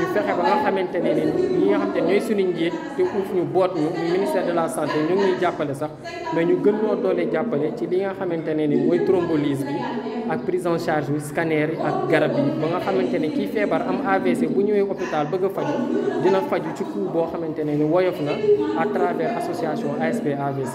ñu fexe ba nga xamante ne ni ñi nga xam te ñooy suñu njiit te uuf ñu boot ñu ministère de la santé ñu ngi ñuy jàppale sax mais ñu gën ñoo doole jàppale ci li nga xamante ne ni mooy trombolise bi ak prise en charge bi scanner yi ak garab yi ba nga xamante ne kii feebar am AVC bu ñëwee hôpital bëgg a faju dina faju ci coût boo xamante ne ni woyof na à travers association ASP AVC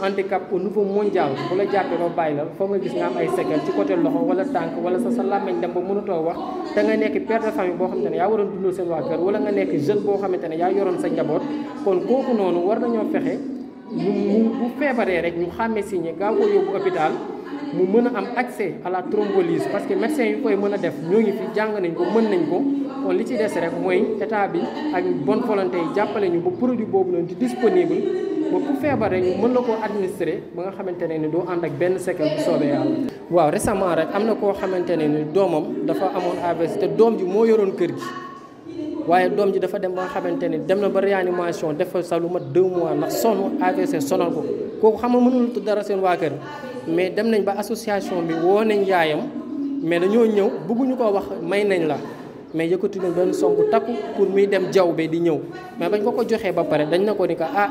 handicap au niveau mondial bu la jàppee ba bàyyi la foog nga gis nga am ay séquelles ci côté loxo wala tànk wala sa sa làmmiñ dem ba mënatoo wax te nga nekk père famille boo xamante ne yaa waroon dundal seen waa kër wala nga nekk jeune boo xamante ne yaa yoroon sa njaboot kon kooku noonu war nañoo fexe mu mu bu feebaree rek ñu xàmme si ñi gaaw ko yóbbu hôpital mu mën a am accès à la parce que médecin yu koy mën a def ñoo ngi fi jàng nañ ko mën nañ ko kon li ci des rek mooy état bi ak bonne volonté yi jàppale ñu ba produit boobu noonu di disponible ba ku feebar rek mën na koo administrer ba nga xamante ne ni doo ànd ak benn séquelle bu soobee yàlla. waaw récemment rek am na koo xamante ne ni doomam dafa amoon AVC te doom ji moo yoroon kër gi waaye doom ji dafa dem ba nga xamante ni dem na ba réanimation def fa mat 2 mois ndax sonn AVC sonal ko kooku xam nga mënul dara seen waa kër mais dem nañ ba association bi woo nañ yaayam mais dañoo ñëw bëgguñu ko wax may nañ la. mais yëkkati nañ benn somb takku pour muy dem jaw bee di ñëw mais bañ ko ko joxee ba pare dañ na ko ni que ah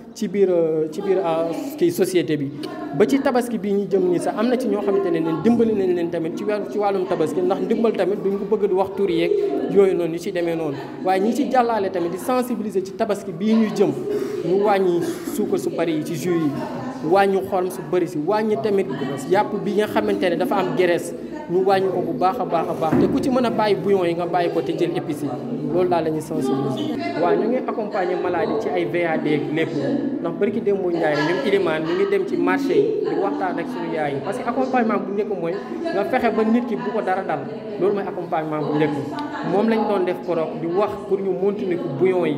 ci biir euh, ci biir euh, kii société bi ba ci tabaski bii ñu jëm nii sax am na ci ñoo xamante ne leen dimbali nañ leen tamit ci wàllu ci wàllum tabaski ndax ndimbal tamit duñ ko bëgg di wax tur yeeg yooyu noonu ñu ci demee noonu waaye ñi ci jàllaale tamit di sensibiliser ci tabaski bii ñu jëm ñu wàññi suukar su bari yi ci jus yi wàññi xorom su bëri si wàññi tamit yàpp bi nga xamante ne dafa am graisse ñu wàññi ko bu baax a baax a baax te ku ci mën a bàyyi bouillon yi nga bàyyi ko te jël épices yi loolu daal la ñuy sensibiliser. waaw ñu ngi accompagner maladie ci ay VAD lépp ndax bari dem démb Ndiaye rek ñun Ilimaan ñu ngi dem ci marché yi di waxtaan ak suñu yaay yi parce que accompagnement bu njëkk mooy nga fexe ba nit ki bu ko dara dal loolu mooy accompagnement bu njëkk moom lañ doon def korok di wax pour ñu montandi ko bouillon yi.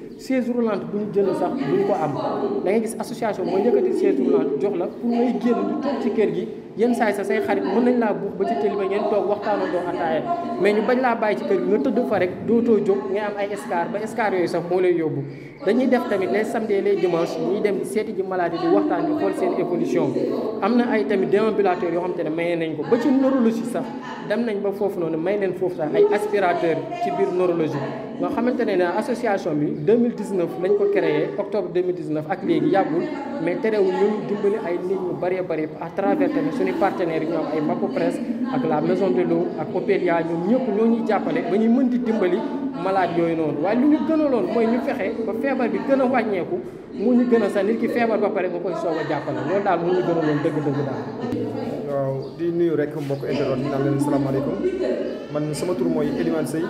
chaise roulante bu ñu jënd sax bu ñu ko am da ngay gis association mooy yëkkati chaise roulante jox la pour ngay génn ñu toog ci kër gi yenn saay sax say xarit mën nañ laa buux ba ci télé ba ngeen toog waxtaanoo doo ataaya mais ñu bañ laa bàyyi ci kër gi nga tëdd fa rek dootoo jóg ngay am ay escar ba escar yooyu sax moo lay yóbbu dañuy def tamit les samedi les dimanches ñuy dem seeti ji maladie di waxtaan ñu xool seen évolution am na ay tamit déambulateur yoo xam ne mayee nañ ko ba ci neurologie sax dem nañ ba foofu noonu may leen foofu sax ay aspirateur ci biir neurologie Nous avons créé l'Association 2019 octobre 2019 avec léegi Yagoul, mais de à travers partenaires la maison de l'eau ak Opelia ñoom ñëpp ñoo de ba personnes di dimbali malade Nous faisons de ñu gënaloon ki di nuyu rek mbokk internet ñu naan leen salaamaaleykum man sama tour moy Elimane Sey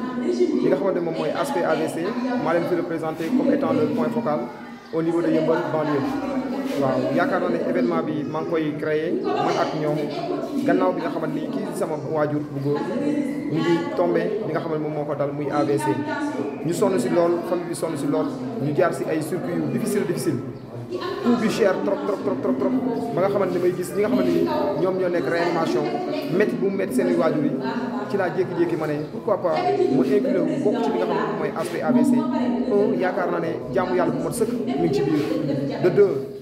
li nga xamantene mom moy aspect AVC ma leen fi représenter comme étant le point focal au niveau de Yeumbeul banlieue waaw yaakaar naa ne événement bi maa ngi koy créé man ak ñoom gannaaw bi nga xamante ni kii sama waajur bu góor ñu ngi tombé li nga xam ne moom moo ko dal muy AVC ñu sonn si lool famille bi sonn si lool ñu jaar si ay circuit yu difficile difficile coût bi cher trop trop trop trop trop may gis ñi nga xamante ni ñoom ñoo nekk réanimation métti bu mu métti seen waajur yi ci laa jékki-jékki ma ne pourquoi pas mu inclure wu ci li nga xam ne mooy aspect AVC un yaakaar naa ne jaamu yàlla bu sëkk mi ci biir de deux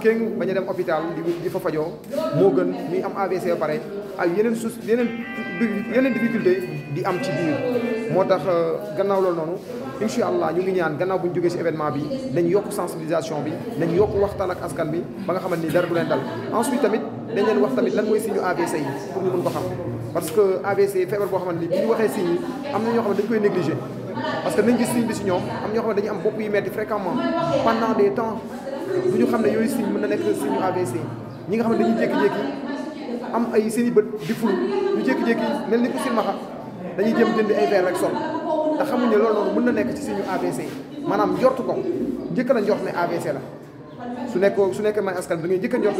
keng bañ dem hôpital di fa fajoo moo gën mi am AVC ba ak yenen sous yenen yenen difficulté di am ci biir motax euh, gannaaw loolu noonu inshallah ñu ngi ñaan gannaaw buñu joggé ci événement bi dañ yokk sensibilisation bi dañ yokk waxtaan ak askan bi ba nga xamanteni dara du len dal ensuite tamit dañ leen wax tamit lan moy signe AVC yi pour ñu mën ko xam parce que AVC feebar bo xamanteni ni bi ñu waxee signe yi am na ñoo xamanteni dañ koy négliger parce que nañ gis signe bi ci ñoom am ñoo xamanteni ne am bop yu metti fréquemment pendant des temps du ñu xam ne yooyu signe mën na nekk signe AVC ñi nga xam ne dañu jékki-jékki am ay seen i bët di ful ñu jékki-jékki mel ni ku silmaxa dañuy jëm jëndi ay verre rek sol te xamuñ loolu noonu mën na nekk ci signe AVC maanaam jortu ko njëkk la njort ne AVC la su nekk su nekk may askan da ngay njëkk a jot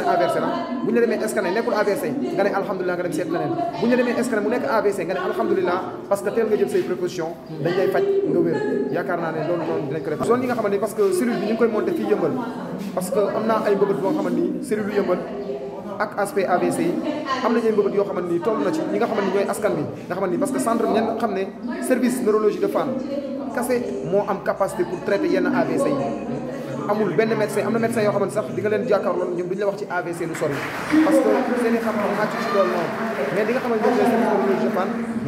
ne demee scanner nekkul AVC nga ne alhamdulilah nga dem seet leneen bu ñu la demee scanner nga ne alhamdulilah parce que teel nga jël naa ne loolu noonu dinañ na ci ñi nga xamante ni ñooy askan bi nga xamante ni parce que xam ne service neurologie de Fann kase moo am capacité pour traiter yenn AVC amul benn médecin am na médecin yoo xamante sax di nga leen jàkkaarloo ñoom duñu la wax ci AVC lu sori parce que seen i xam-xam màcc ci dool noonu mais di nga xamante ne seen communauté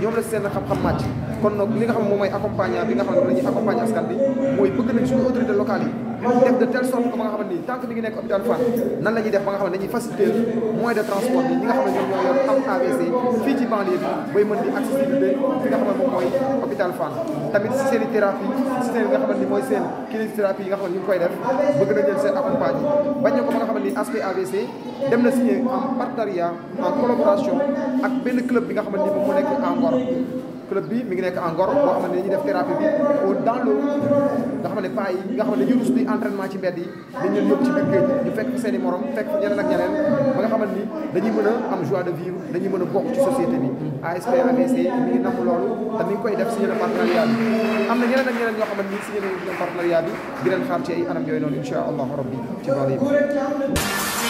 Japon xam-xam màcc kon nag li nga xam moom mooy accompagnement bi nga xam ne dañuy accompagner askan bi mooy bëgg nañ suñu autorité locale yi def de telle sorte que ba nga xamante ni tant que mi nekk hôpital Fann nan la def ba nga xam ne dañuy faciliter de transport bi nga xam ne ñoom ñoo yor am AVC fii ci banlieue bi bay mën nga xam ne mooy seen i thérapie nga xamante ni mooy seen kinésithérapie yi nga xam ne ñu ngi koy def bëgg na jël seen accompagne yi bañ na ko ba nga xamante ni aspect AVC dem na signé en partenariat en collaboration ak benn club bi mi ngi nekk en Ngor boo xam ne dañuy def thérapie bi au dans l'eau nga xam ne paa yi nga xam ne dañuy rus di entraînement ci mbedd yi dañ leen yóbbu ci biir géej ñu fekk seen i morom fekk ñeneen ak ñeneen ba nga xamante ni dañuy mën a am joie de vivre dañuy mën a bokk ci société bi ASP AVC mi ngi nangu loolu te mi ngi koy def si ñeneen partenariat bi am na ñeneen ak ñeneen ñoo xamante ni si ñeneen partenariat bi di leen xaar ci ay anam yooyu noonu incha allahu rabbi ci loolu yi